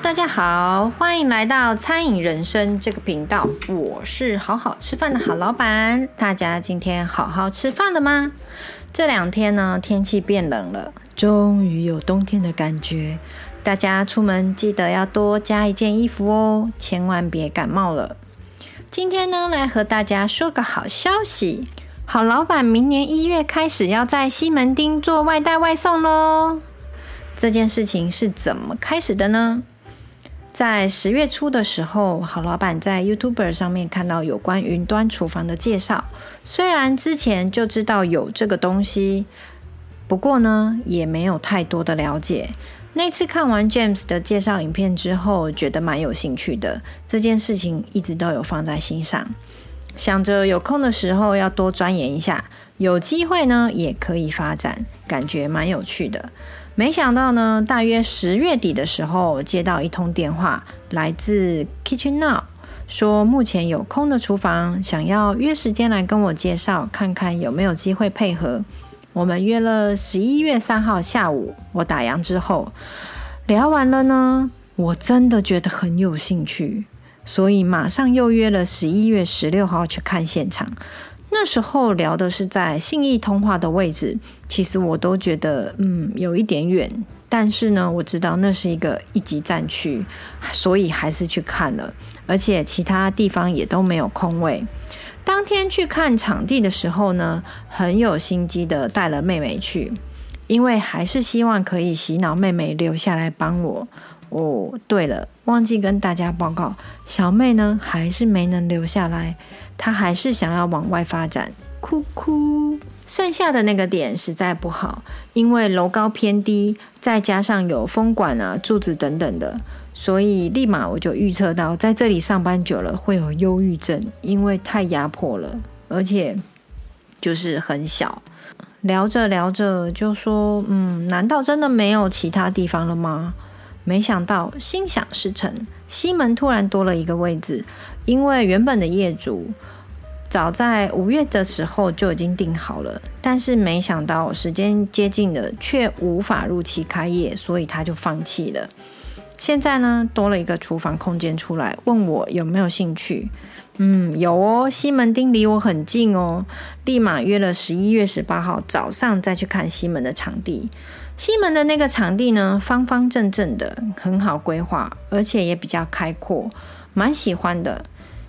大家好，歡迎來到餐飲人生這個頻道，我是好好吃飯的好老闆。大家今天好好吃飯了嗎？這兩天呢，天氣變冷了，終於有冬天的感覺。大家出門記得要多加一件衣服哦，千萬別感冒了。今天呢，來和大家說個好消息，好老闆明年一月開始要在西門町做外帶外送嘍。這件事情是怎麼開始的呢？在十月初的時候，好老闆在 YouTuber 上面看到有關雲端廚房的介紹。雖然之前就知道有這個東西，不過呢也沒有太多的了解。那次看完 James 的介紹影片之後，覺得蠻有興趣的。這件事情一直都有放在心上，想着有空的時候要多鑽研一下。有機會呢也可以發展，感覺蠻有趣的。沒想到呢，大約十月底的時候，接到一通電話，來自 Kitchen Now，說目前有空的廚房想要約時間來跟我介紹，看看有沒有機會配合。我們約了十一月三號下午，我打烊之後聊完了呢，我真的覺得很有興趣，所以馬上又約了十一月十六號去看現場。那時候聊的是在信義通化的位置，其實我都覺得嗯有一點遠，但是呢，我知道那是一個一級戰區，所以還是去看了，而且其他地方也都沒有空位。當天去看場地的時候呢，很有心機的帶了妹妹去，因為還是希望可以洗腦妹妹留下來幫我。哦，對了，忘記跟大家報告，小妹呢還是沒能留下來。他還是想要往外發展，哭哭。剩下的那個點實在不好，因為樓高偏低，再加上有風管啊、柱子等等的，所以立馬我就預測到，在這裡上班久了會有憂鬱症，因為太壓迫了，而且就是很小。聊着聊着就說，嗯，難道真的沒有其他地方了嗎？沒想到心想事成，西門突然多了一個位置，因為原本的業主。早在五月的時候就已經定好了，但是沒想到時間接近了卻無法如期開業，所以他就放棄了。現在呢，多了一個廚房空間出來，問我有沒有興趣？嗯，有哦。西門町離我很近哦，立馬約了十一月十八號早上再去看西門的場地。西門的那個場地呢，方方正正的，很好規劃，而且也比較開闊，蠻喜歡的。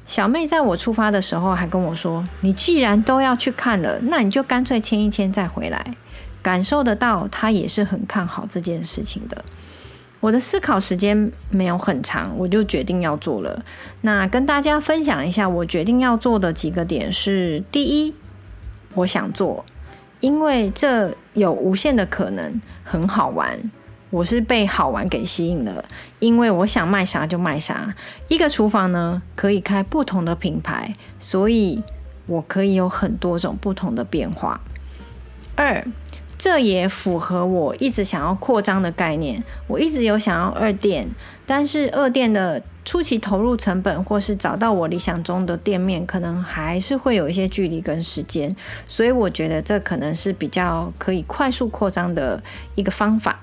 小妹在我出發的時候還跟我說：“你既然都要去看了，那你就乾脆簽一簽再回來。”感受得到她也是很看好這件事情的。我的思考時間沒有很長，我就決定要做了。那跟大家分享一下，我決定要做的幾個點是：第一，我想做，因為這有無限的可能，很好玩。我是被好玩給吸引了，因為我想賣啥就賣啥。一個廚房呢，可以開不同的品牌，所以我可以有很多種不同的變化。二，這也符合我一直想要擴張的概念。我一直有想要二店，但是二店的初期投入成本，或是找到我理想中的店面，可能還是會有一些距離跟時間。所以我覺得這可能是比較可以快速擴張的一個方法。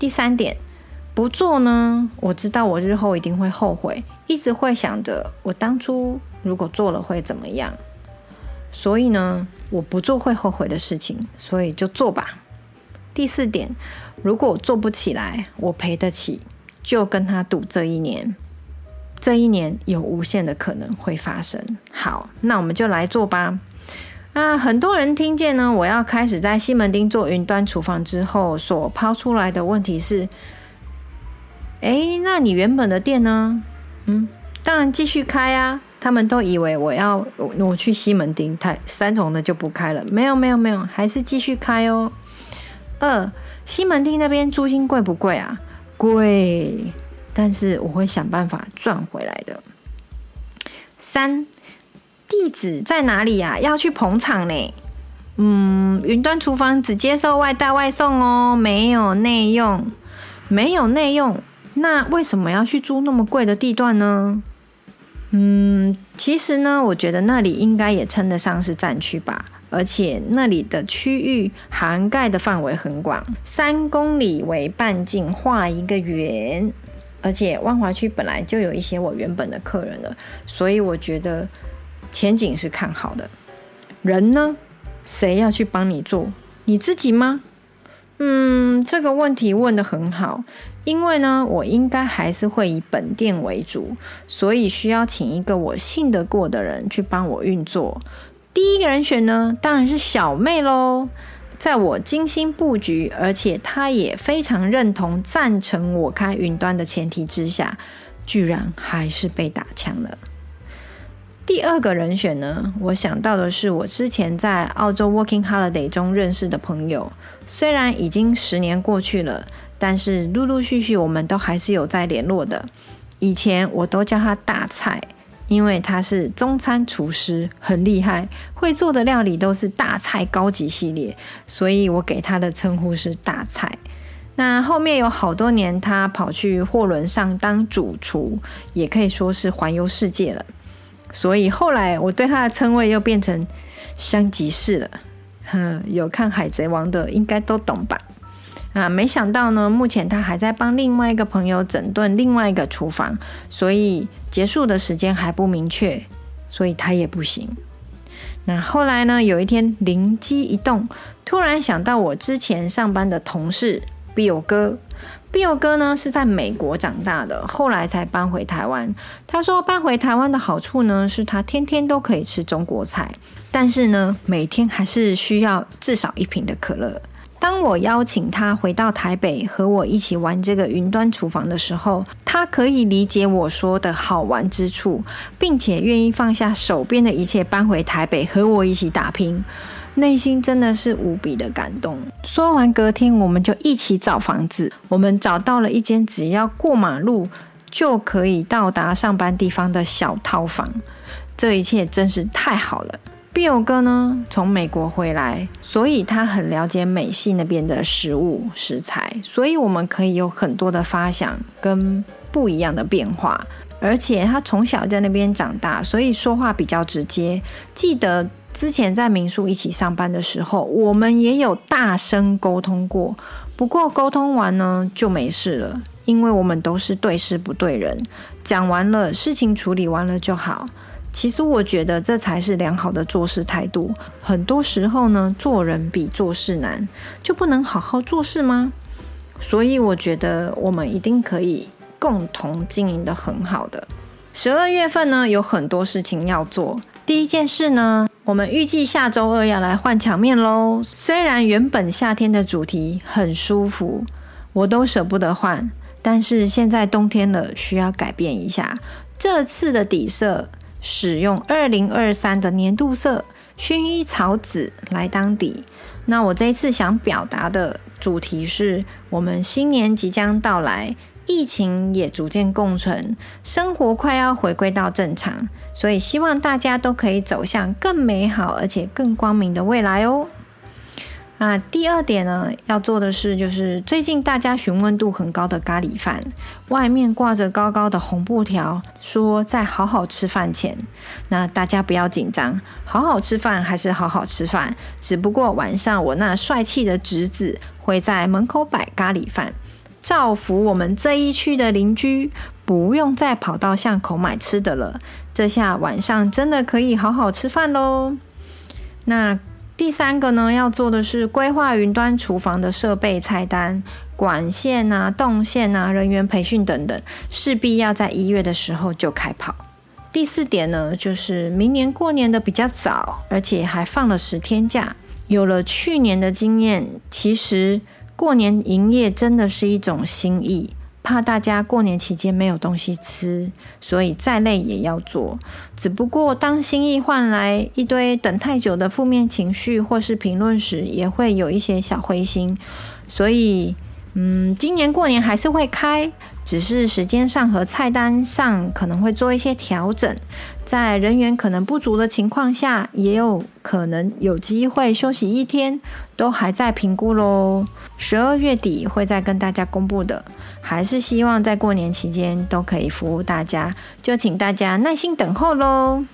第三點，不做呢，我知道我日後一定會後悔，一直會想着我當初如果做了會怎麼樣，所以呢，我不做會後悔的事情，所以就做吧。第四點，如果我做不起來，我賠得起，就跟他賭這一年，這一年有無限的可能會發生。好，那我們就來做吧。那、啊、很多人聽見呢，我要開始在西門町做雲端廚房之後，所拋出來的問題是：誒，那你原本的店呢？嗯，當然繼續開啊。他們都以為我要我，我去西門町，太三重的就不開了。沒有沒有沒有，還是繼續開哦。二，西門町那邊租金貴不貴啊？貴，但是我會想辦法賺回來的。三。地址在哪裡呀、啊？要去捧場嘞。嗯，雲端廚房只接受外帶外送哦，沒有內用，沒有內用。那為什麼要去租那麼貴的地段呢？嗯，其實呢，我覺得那裡應該也稱得上是戰區吧，而且那裡的區域涵蓋的範圍很廣，三公里為半徑畫一個圓，而且萬華區本來就有一些我原本的客人了，所以我覺得。前景是看好的，人呢？誰要去幫你做？你自己嗎？嗯，這個問題問得很好，因為呢，我應該還是會以本店為主，所以需要請一個我信得過的人去幫我運作。第一個人選呢，當然是小妹嘍。在我精心布局，而且她也非常認同、贊成我開雲端的前提之下，居然還是被打槍了。第二個人選呢，我想到的是我之前在澳洲 Working Holiday 中認識的朋友。雖然已經十年過去了，但是陸陸續續我們都還是有在聯絡的。以前我都叫他大菜，因為他是中餐廚師，很厲害，會做的料理都是大菜高級系列，所以我給他的稱呼是大菜。那後面有好多年，他跑去貨輪上當主廚，也可以說是環遊世界了。所以後來我對他的稱謂又變成香吉士了。哼，有看《海賊王》的應該都懂吧？啊，沒想到呢，目前他還在幫另外一個朋友整頓另外一個廚房，所以結束的時間還不明確，所以他也不行。那後來呢，有一天靈機一動，突然想到我之前上班的同事必有哥。碧友哥呢是在美國長大的，後來才搬回台灣。他說搬回台灣的好處呢，是他天天都可以吃中國菜，但是呢，每天還是需要至少一瓶的可樂。當我邀請他回到台北和我一起玩這個雲端廚房的時候，他可以理解我說的好玩之處，並且願意放下手邊的一切，搬回台北和我一起打拼。內心真的是無比的感動。說完隔天，我們就一起找房子。我們找到了一間只要過馬路就可以到達上班地方的小套房。這一切真是太好了。必友哥呢，從美國回來，所以他很了解美系那邊的食物食材，所以我們可以有很多的發想跟不一樣的變化。而且他從小在那邊長大，所以說話比較直接。記得。之前在民宿一起上班的時候，我們也有大聲溝通過，不過溝通完呢就沒事了，因為我們都是對事不對人，講完了事情處理完了就好。其實我覺得這才是良好的做事態度。很多時候呢，做人比做事難，就不能好好做事嗎？所以我覺得我們一定可以共同經營得很好的。十二月份呢，有很多事情要做。第一件事呢，我們預計下周二要來換牆面嘍。雖然原本夏天的主題很舒服，我都捨不得換，但是現在冬天了，需要改變一下。這次的底色使用2023的年度色薰衣草紫來當底。那我這一次想表達的主題是我們新年即將到來。疫情也逐漸共存，生活快要回歸到正常，所以希望大家都可以走向更美好而且更光明的未來哦。那第二點呢，要做的是就是最近大家詢問度很高的咖喱飯，外面掛着高高的紅布條，說在好好吃飯前，那大家不要緊張，好好吃飯還是好好吃飯，只不過晚上我那帥氣的侄子會在門口擺咖喱飯。造福我們這一區的鄰居，不用再跑到巷口買吃的了。這下晚上真的可以好好吃飯嘍。那第三個呢，要做的是規劃雲端廚房的設備、菜單、管線啊、動線啊、人員培訓等等，勢必要在一月的時候就開跑。第四點呢，就是明年過年的比較早，而且還放了十天假。有了去年的經驗，其實。過年營業真的是一種心意，怕大家過年期間沒有東西吃，所以再累也要做。只不過當心意換來一堆等太久的負面情緒或是評論時，也會有一些小灰心。所以，嗯，今年過年還是會開，只是時間上和菜單上可能會做一些調整。在人員可能不足的情況下，也有可能有機會休息一天，都還在評估嘍。十二月底會再跟大家公布的，還是希望在過年期間都可以服務大家，就請大家耐心等候嘍。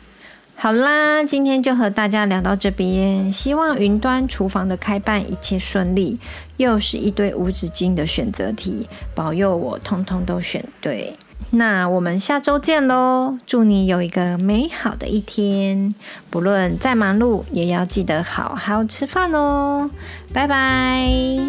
好啦，今天就和大家聊到這邊，希望雲端廚房的開辦一切順利。又是一堆無止境的選擇題，保佑我通通都選對。那我們下周見嘍！祝你有一個美好的一天，不論再忙碌，也要記得好好吃飯哦！拜拜。